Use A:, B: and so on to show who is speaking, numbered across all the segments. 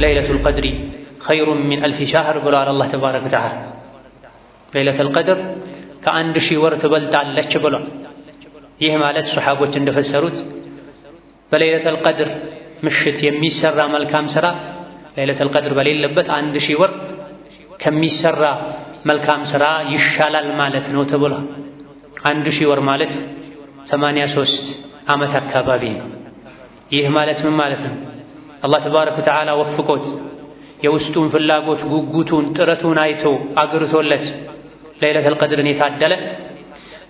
A: ليلة القدر خير من ألف شهر بلا الله تبارك وتعالى ليلة القدر كأن دشي ورتبلت على لتشبلا يهما لت صحابة تندفسروت فليلة القدر مشت يمي سرى ملكام سرى ليلة القدر بليل لبت عن دشي ور كم يسرى ملكام سرى يشال المالت نوتبلا عن دشي ور مالت ثمانية سوست عمتك كبابين يهما لت من مالتن አላህ ተባረከ ወተዓላ ወፍቆት የውስጡን ፍላጎት ጉጉቱን ጥረቱን አይቶ አግርቶለት ለይለተል ቀድርን የታደለ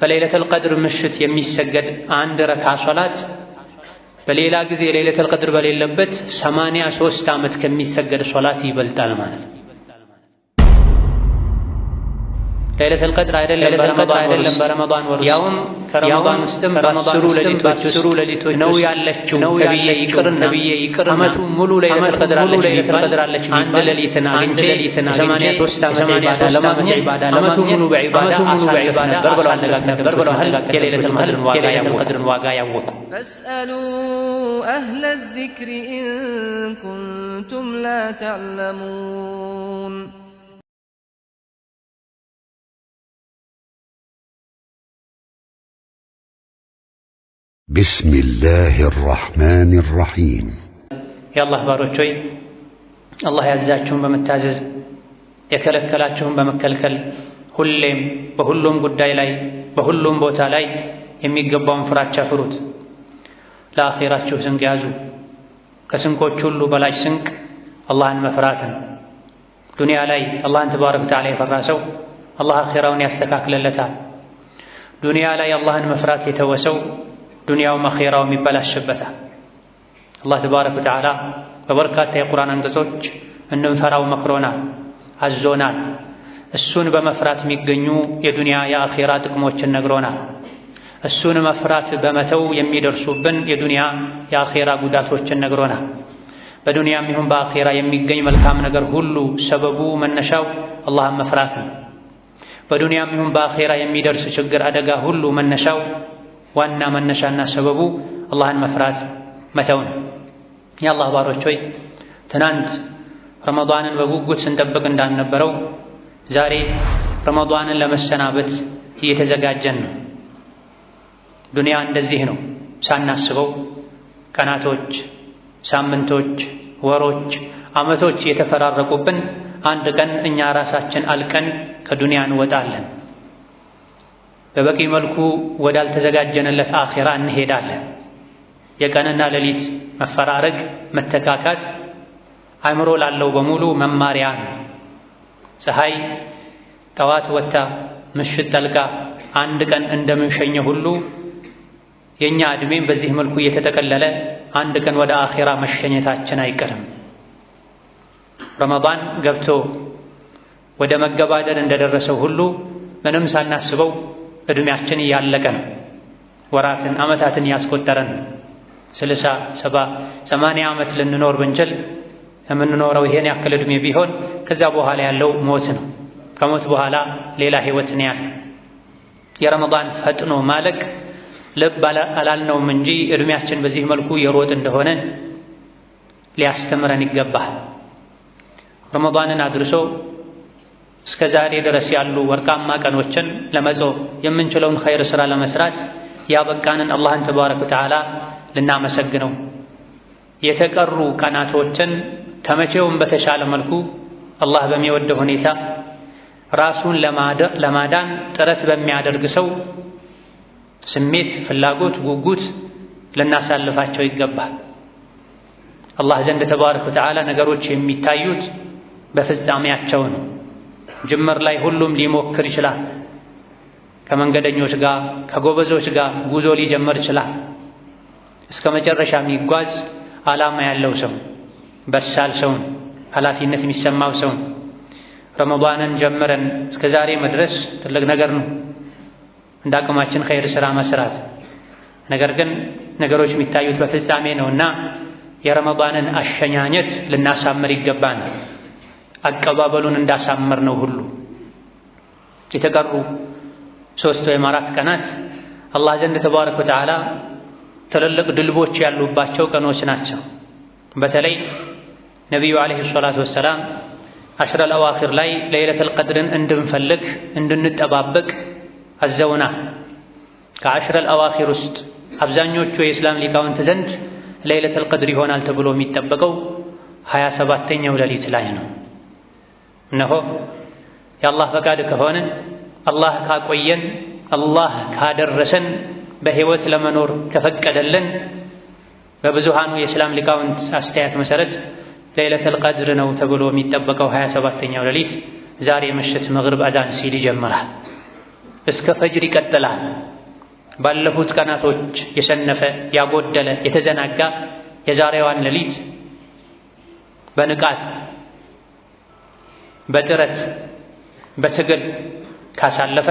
A: በለይለተል ቀድር ምሽት የሚሰገድ አንድ ረካ ሶላት በሌላ ጊዜ ለይለተል ቀድር በሌለበት ሰማንያ ሶስት ዓመት ከሚሰገድ ሶላት ይበልጣል ማለት ነው። ለይለተል ቀድር አይደለም በረመዳን ወር ያውም ከረመዳን ውስጥም በአስሩ ሌሊቶች ነው ያለችው ተብዬ ይቅርና ዓመቱ ሙሉ ለይለተል ቀድር አለች አንድ ሌሊትን አግኝቼ ሰማንያ ሦስት ዓመት ለማግኘት ዓመቱ ሙሉ በዒባዳ አሳልፍ ነበር ብለዋል የለይለተል ቀድርን ዋጋ ያወቁ
B: اسالوا اهل الذكر ان كنتم لا تعلمون
C: بسم الله الرحمن الرحيم
A: يا الله باروتشوي الله يعزاكم بمتازز يكلك كلاتهم بمكلكل هلم بهلم قد لاي بهلم بوتا لاي يمي قبهم فراتشا فروت لا خيرات شو سنك يازو كسنكو تشلو بلاش سنك الله انما فراتا دنيا لاي الله انت بارك تعالى فراسو الله خيرون استكاك للتا دنيا لاي الله انما فراتي توسو ዱንያው አኼራው የሚበላሽበታል። አላህ ተባረከ ወተዓላ በበርካታ የቁርአን አንቀጾች እንድንፈራው መክሮናል፣ አዞናል። እሱን በመፍራት የሚገኙ የዱንያ የአኼራ ጥቅሞችን ነግሮናል። እሱን መፍራት በመተው የሚደርሱብን የዱንያ የአኼራ ጉዳቶችን ነግሮናል። በዱንያም ይሁን በአኼራ የሚገኝ መልካም ነገር ሁሉ ሰበቡ መነሻው አላህን መፍራት ነው። በዱንያም ይሁን በአኼራ የሚደርስ ችግር አደጋ ሁሉ መነሻው ዋና መነሻና ሰበቡ አላህን መፍራት መተው ነው። የአላህ ባሮች ሆይ ትናንት ረመዷንን በጉጉት ስንጠብቅ እንዳልነበረው ዛሬ ረመዳንን ለመሰናበት እየተዘጋጀን ነው። ዱንያ እንደዚህ ነው። ሳናስበው ቀናቶች፣ ሳምንቶች፣ ወሮች፣ አመቶች የተፈራረቁብን አንድ ቀን እኛ ራሳችን አልቀን ከዱንያ እንወጣለን። በበቂ መልኩ ወዳልተዘጋጀንለት አኼራ እንሄዳለን። የቀንና ሌሊት መፈራረግ መተካካት አእምሮ ላለው በሙሉ መማሪያ ነው። ፀሐይ ጠዋት ወጥታ ምሽት ጠልቃ አንድ ቀን እንደምንሸኘ ሁሉ የእኛ ዕድሜም በዚህ መልኩ እየተጠቀለለ አንድ ቀን ወደ አኼራ መሸኘታችን አይቀርም። ረመዳን ገብቶ ወደ መገባደድ እንደደረሰው ሁሉ ምንም ሳናስበው እድሜያችን እያለቀ ነው። ወራትን ዓመታትን እያስቆጠረን ስልሳ ሰባ ሰማንያ ዓመት ልንኖር ብንችል የምንኖረው ይሄን ያክል እድሜ ቢሆን ከዛ በኋላ ያለው ሞት ነው። ከሞት በኋላ ሌላ ህይወት ነው ያለ የረመዳን ፈጥኖ ማለቅ ልብ አላልነውም እንጂ እድሜያችን በዚህ መልኩ የሮጥ እንደሆነ ሊያስተምረን ይገባል። ረመዳንን አድርሶ እስከ ዛሬ ድረስ ያሉ ወርቃማ ቀኖችን ለመጾም የምንችለውን ኸይር ሥራ ለመስራት ያበቃንን አላህን ተባረከ ወተዓላ ልናመሰግነው የተቀሩ ቀናቶችን ከመቼውም በተሻለ መልኩ አላህ በሚወደው ሁኔታ ራሱን ለማዳን ጥረት በሚያደርግ ሰው ስሜት፣ ፍላጎት፣ ጉጉት ልናሳልፋቸው ይገባል። አላህ ዘንድ ተባረከ ወተዓላ ነገሮች የሚታዩት በፍጻሜያቸው ነው። ጅምር ላይ ሁሉም ሊሞክር ይችላል። ከመንገደኞች ጋር ከጎበዞች ጋር ጉዞ ሊጀምር ይችላል። እስከ መጨረሻ የሚጓዝ ዓላማ ያለው ሰው በሳል ሰውን ኃላፊነት የሚሰማው ሰው ረመዳንን ጀምረን እስከ ዛሬ መድረስ ትልቅ ነገር ነው። እንደ አቅማችን ኸይር ሥራ መስራት። ነገር ግን ነገሮች የሚታዩት በፍጻሜ ነውና የረመዳንን አሸኛኘት ልናሳምር ይገባናል። አቀባበሉን እንዳሳመር ነው ሁሉ የተቀሩ ሶስት ወይም አራት ቀናት አላህ ዘንድ ተባረከ ወተዓላ ትልልቅ ድልቦች ያሉባቸው ቀኖች ናቸው። በተለይ ነቢዩ ዓለይሂ ሰላቱ ወሰላም አሽረል ለአዋኺር ላይ ለይለተል ቀድርን እንድንፈልግ እንድንጠባበቅ አዘውና ከአሽረል ለአዋኺር ውስጥ አብዛኞቹ የእስላም ሊቃውንት ዘንድ ለይለተል ቀድር ይሆናል ተብሎ የሚጠበቀው ሃያ ሰባተኛው ሌሊት ላይ ነው። እነሆ የአላህ ፈቃድ ከሆነ አላህ ካቆየን አላህ ካደረሰን በሕይወት ለመኖር ከፈቀደልን በብዙሃኑ የእስላም ሊቃውንት አስተያየት መሰረት ለይለተል ቀድር ነው ተብሎ የሚጠበቀው 27ተኛው ሌሊት ዛሬ ምሽት መግሪብ አዛን ሲል ይጀምራል። እስከ ፈጅር ይቀጥላል። ባለፉት ቀናቶች የሰነፈ ያጎደለ የተዘናጋ የዛሬዋን ሌሊት በንቃት በጥረት በትግል ካሳለፈ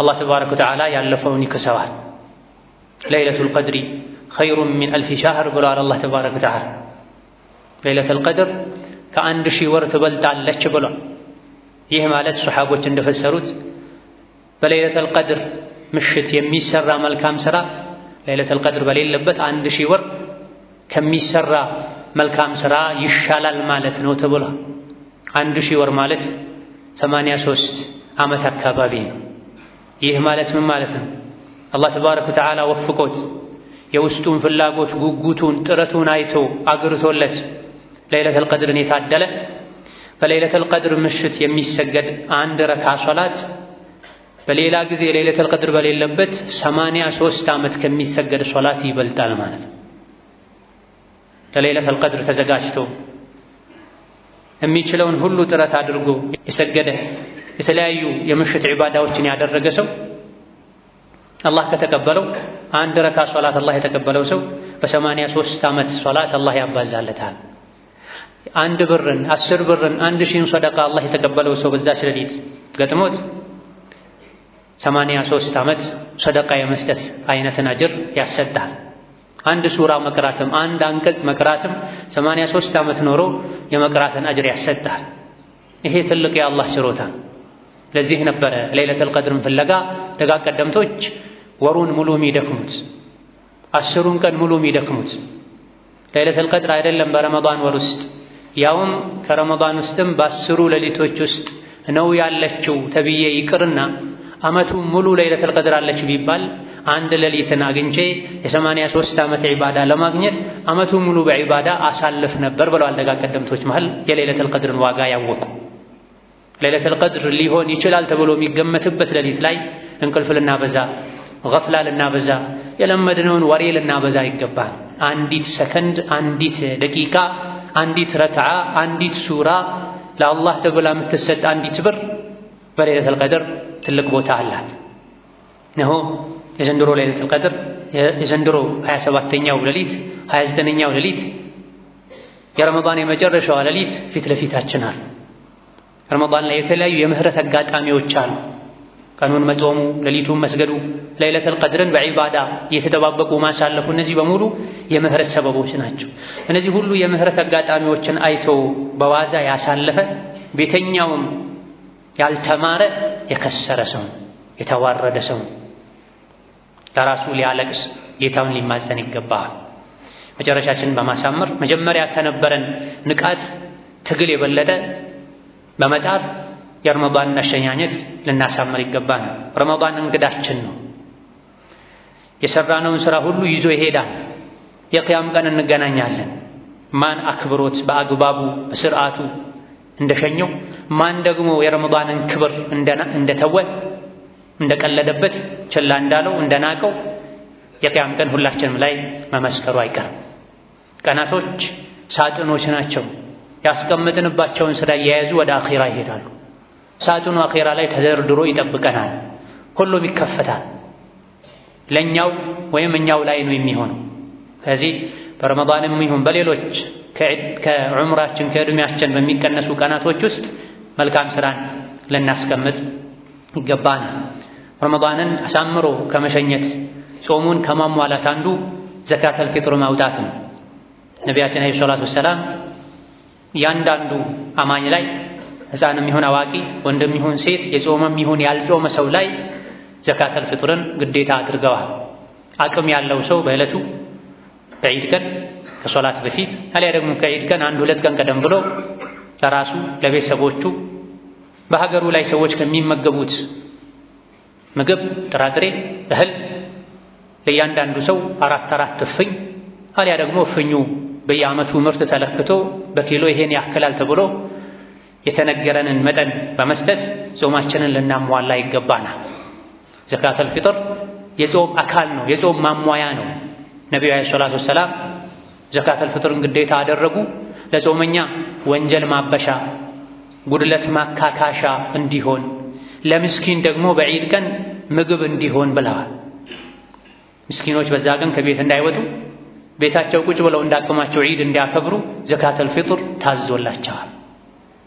A: አላህ ተባረከ ወተዓላ ያለፈውን ይክሰዋል። ለይለቱል ቀድሪ ኸይሩን ሚን አልፊ ሻህር ብለዋል አላህ ተባረከ ወተዓላ። ለይለቱል ቀድር ከአንድ ሺህ ወር ትበልጣለች ብሏል። ይህ ማለት ሱሐቦች እንደፈሰሩት በለይለቱል ቀድር ምሽት የሚሰራ መልካም ሥራ ለይለቱል ቀድር በሌለበት አንድ ሺህ ወር ከሚሰራ መልካም ሥራ ይሻላል ማለት ነው ተብሏል። አንድ ሺህ ወር ማለት 83 ዓመት አካባቢ ነው። ይህ ማለት ምን ማለት ነው? አላህ ተባረከ ወተዓላ ወፍቆት የውስጡን ፍላጎት ጉጉቱን፣ ጥረቱን አይቶ አግርቶለት ለይለተል ቀድርን የታደለ በለይለተል ቀድር ምሽት የሚሰገድ አንድ ረካ ሶላት በሌላ ጊዜ ለይለተል ቀድር በሌለበት 83 ዓመት ከሚሰገድ ሶላት ይበልጣል ማለት ነው። ለለይለተል ቀድር ተዘጋጅቶ የሚችለውን ሁሉ ጥረት አድርጎ የሰገደ የተለያዩ የምሽት ዒባዳዎችን ያደረገ ሰው አላህ ከተቀበለው አንድ ረካ ሶላት አላህ የተቀበለው ሰው በሰማንያ ሦስት ዓመት ሶላት አላህ ያባዛለታል። አንድ ብርን፣ አስር ብርን፣ አንድ ሺህን ሰደቃ አላህ የተቀበለው ሰው በዛች ሌሊት ገጥሞት ሰማንያ ሦስት ዓመት ሰደቃ የመስጠት አይነትን አጅር ያሰጣል። አንድ ሱራ መቅራትም አንድ አንቀጽ መቅራትም 83 ዓመት ኖሮ የመቅራትን አጅር ያሰጣል። ይሄ ትልቅ የአላህ ችሮታ። ለዚህ ነበረ ሌለተል ቀድርን ፍለጋ ደጋግ ቀደምቶች ወሩን ሙሉ የሚደክሙት፣ አስሩን ቀን ሙሉ የሚደክሙት ሌለተል ቀድር አይደለም በረመዳን ወር ውስጥ ያውም ከረመዳን ውስጥም በአስሩ ሌሊቶች ውስጥ ነው ያለችው ተብዬ ይቅርና ዓመቱን ሙሉ ሌለተል ቀድር አለች ቢባል አንድ ሌሊትን አግኝቼ የሰማንያ ሦስት ዓመት ዒባዳ ለማግኘት ዓመቱ ሙሉ በዒባዳ አሳልፍ ነበር ብለው አደጋ ቀደምቶች መሃል የሌለተል ቀድርን ዋጋ ያወቁ። ሌለተል ቀድር ሊሆን ይችላል ተብሎ የሚገመትበት ሌሊት ላይ እንቅልፍ ልናበዛ፣ ገፍላ ልናበዛ፣ የለመድነውን ወሬ ልናበዛ ይገባል። አንዲት ሰከንድ፣ አንዲት ደቂቃ፣ አንዲት ረትዓ አንዲት ሱራ ለአላህ ተብላ የምትሰጥ አንዲት ብር በሌለተል ቀድር ትልቅ ቦታ አላት። የዘንድሮ ለይለቱል ቀድር የዘንድሮ 27ኛው ሌሊት 29ኛው ሌሊት የረመዳን የመጨረሻው ሌሊት ፊት ለፊታችን አሉ። ረመዳን ላይ የተለያዩ የምህረት አጋጣሚዎች አሉ። ቀኑን መጾሙ፣ ሌሊቱን መስገዱ፣ ለይለቱል ቀድርን በዒባዳ እየተጠባበቁ ማሳለፉ፣ እነዚህ በሙሉ የምህረት ሰበቦች ናቸው። እነዚህ ሁሉ የምህረት አጋጣሚዎችን አይቶ በዋዛ ያሳለፈ ቤተኛውም ያልተማረ የከሰረ ሰው የተዋረደ ሰው ለራሱ ሊያለቅስ ጌታውን ሊማጸን ይገባል። መጨረሻችንን በማሳመር መጀመሪያ ከነበረን ንቃት ትግል የበለጠ በመጣር የረመዳንን አሸኛኘት ልናሳምር ይገባል። ረመዳን እንግዳችን ነው። የሰራነውን ስራ ሁሉ ይዞ ይሄዳል። የቅያም ቀን እንገናኛለን። ማን አክብሮት በአግባቡ በስርዓቱ እንደሸኘው፣ ማን ደግሞ የረመዳንን ክብር እንደተወ እንደቀለደበት ችላ እንዳለው እንደናቀው የቅያም ቀን ሁላችንም ላይ መመስከሩ አይቀርም። ቀናቶች ሳጥኖች ናቸው። ያስቀምጥንባቸውን ስራ እያያዙ ወደ አኼራ ይሄዳሉ። ሳጥኑ አኼራ ላይ ተደርድሮ ይጠብቀናል። ሁሉም ይከፈታል። ለእኛው ወይም እኛው ላይ ነው የሚሆነው። ከዚህ በረመዳንም ይሁን በሌሎች ከዑምራችን ከዕድሜያችን በሚቀነሱ ቀናቶች ውስጥ መልካም ስራን ልናስቀምጥ ይገባናል። ረመዳንን አሳምሮ ከመሸኘት ጾሙን ከማሟላት አንዱ ዘካተል ፊጥር ማውጣት ነው። ነቢያችን አለይሂ ሰላቱ ወሰላም እያንዳንዱ አማኝ ላይ ሕፃንም ይሁን አዋቂ፣ ወንድም ይሁን ሴት፣ የጾመም ይሁን ያልጾመ ሰው ላይ ዘካተል ፊጥርን ግዴታ አድርገዋል። አቅም ያለው ሰው በዕለቱ በዒድ ቀን ከሶላት በፊት አሊያ ደግሞ ከዒድ ቀን አንድ ሁለት ቀን ቀደም ብሎ ለራሱ ለቤተሰቦቹ በሀገሩ ላይ ሰዎች ከሚመገቡት ምግብ፣ ጥራጥሬ፣ እህል ለእያንዳንዱ ሰው አራት አራት እፍኝ አሊያ ደግሞ እፍኙ በየዓመቱ ምርት ተለክቶ በኪሎ ይሄን ያክላል ተብሎ የተነገረንን መጠን በመስጠት ጾማችንን ልናሟላ ይገባናል። ዘካተል ፊጥር የጾም አካል ነው፣ የጾም ማሟያ ነው። ነቢዩ ዓለይሂ ሰላቱ ወሰላም ዘካተል ፊጥርን ግዴታ አደረጉ ለጾመኛ ወንጀል ማበሻ፣ ጉድለት ማካካሻ እንዲሆን ለምስኪን ደግሞ በዒድ ቀን ምግብ እንዲሆን ብለዋል። ምስኪኖች በዛ ቀን ከቤት እንዳይወጡ ቤታቸው ቁጭ ብለው እንዳቅማቸው ዒድ እንዲያከብሩ ዘካተል ፊጥር ታዞላቸዋል።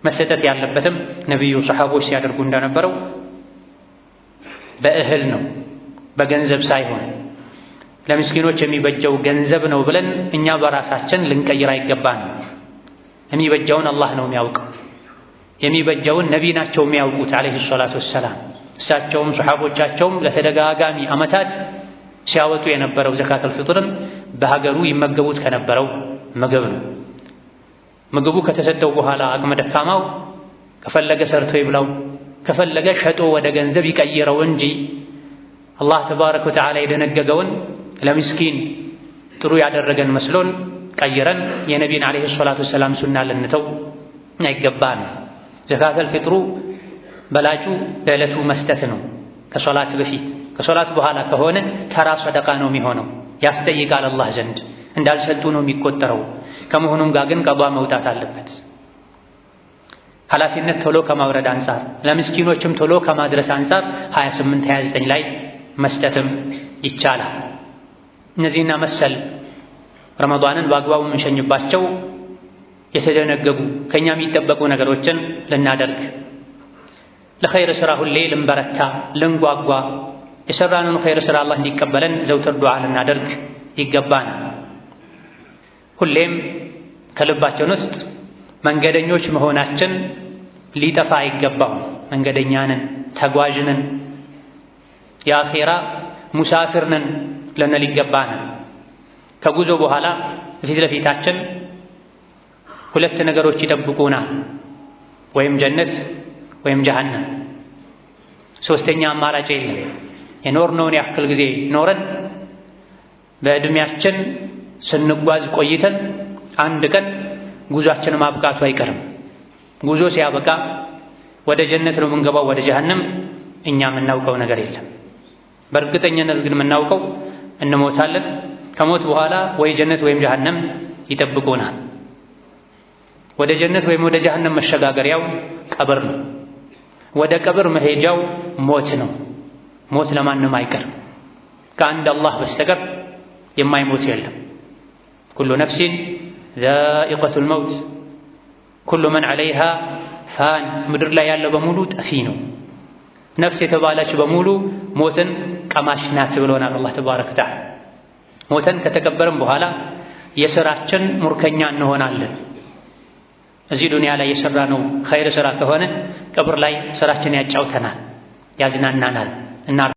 A: መሰጠት ያለበትም ነቢዩ ሰሓቦች ሲያደርጉ እንደነበረው በእህል ነው፣ በገንዘብ ሳይሆን ለምስኪኖች የሚበጀው ገንዘብ ነው ብለን እኛ በራሳችን ልንቀይር አይገባን። የሚበጀውን አላህ ነው የሚያውቀው። የሚበጀውን ነቢ ናቸው የሚያውቁት ዓለይሂ ሰላቱ ወሰላም እሳቸውም ሱሐቦቻቸውም ለተደጋጋሚ ዓመታት ሲያወጡ የነበረው ዘካተል ፍጥርን በሀገሩ ይመገቡት ከነበረው ምግብ ነው። ምግቡ ከተሰጠው በኋላ አቅመ ደካማው ከፈለገ ሰርቶ ይብላው፣ ከፈለገ ሸጦ ወደ ገንዘብ ይቀይረው እንጂ አላህ ተባረከ ወተዓላ የደነገገውን ለምስኪን ጥሩ ያደረገን መስሎን ቀይረን የነቢን ዓለይሂ ሰላቱ ወሰላም ሱና ልንተው አይገባን። ዘካተል ፍጥሩ በላጩ ለዕለቱ መስጠት ነው። ከሶላት በፊት ከሶላት በኋላ ከሆነ ተራ ሰደቃ ነው የሚሆነው። ያስጠይቃል አላህ ዘንድ እንዳልሰጡ ነው የሚቆጠረው። ከመሆኑም ጋር ግን ቀዷ መውጣት አለበት። ኃላፊነት ቶሎ ከማውረድ አንጻር፣ ለምስኪኖችም ቶሎ ከማድረስ አንጻር 28 29 ላይ መስጠትም ይቻላል። እነዚህና መሰል ረመዷንን በአግባቡ የምንሸኝባቸው የተደነገጉ ከእኛ የሚጠበቁ ነገሮችን ልናደርግ ለኸይር ሥራ ሁሌ ልንበረታ ልንጓጓ፣ የሠራንን ኸይር ሥራ አላህ እንዲቀበለን ዘውትር ዱዓ ልናደርግ ይገባን። ሁሌም ከልባችን ውስጥ መንገደኞች መሆናችን ሊጠፋ አይገባውም። መንገደኛንን ተጓዥንን የአኼራ ሙሳፊርንን ልንል ይገባናል። ከጉዞ በኋላ ፊት ለፊታችን ሁለት ነገሮች ይጠብቁናል ወይም ጀነት ወይም ጀሃነም። ሶስተኛ አማራጭ የለም። የኖርነውን ያክል ጊዜ ኖረን በእድሜያችን ስንጓዝ ቆይተን አንድ ቀን ጉዟችን ማብቃቱ አይቀርም። ጉዞ ሲያበቃ ወደ ጀነት ነው የምንገባው፣ ወደ ጀሃነም እኛ የምናውቀው ነገር የለም። በእርግጠኝነት ግን የምናውቀው እንሞታለን። ከሞት በኋላ ወይ ጀነት ወይም ጀሃነም ይጠብቁናል። ወደ ጀነት ወይም ወደ ጀሃነም መሸጋገሪያው ቀብር ነው። ወደ ቀብር መሄጃው ሞት ነው። ሞት ለማንም አይቀርም። ከአንድ አላህ በስተቀር የማይሞት የለም። ኩሉ ነፍሲን ዛኢቀቱል መውት፣ ኩሉ መን ዐለይሃ ፋን። ምድር ላይ ያለ በሙሉ ጠፊ ነው። ነፍስ የተባለች በሙሉ ሞትን ቀማሽ ናት ብሎናል አላህ ተባረከ ወተዓላ። ሞተን ከተቀበርን በኋላ የሥራችን ሙርከኛ እንሆናለን። እዚህ ዱንያ ላይ የሰራ ነው ኸይር ስራ ከሆነ ቀብር ላይ ስራችን ያጫውተናል፣ ያዝናናናል እና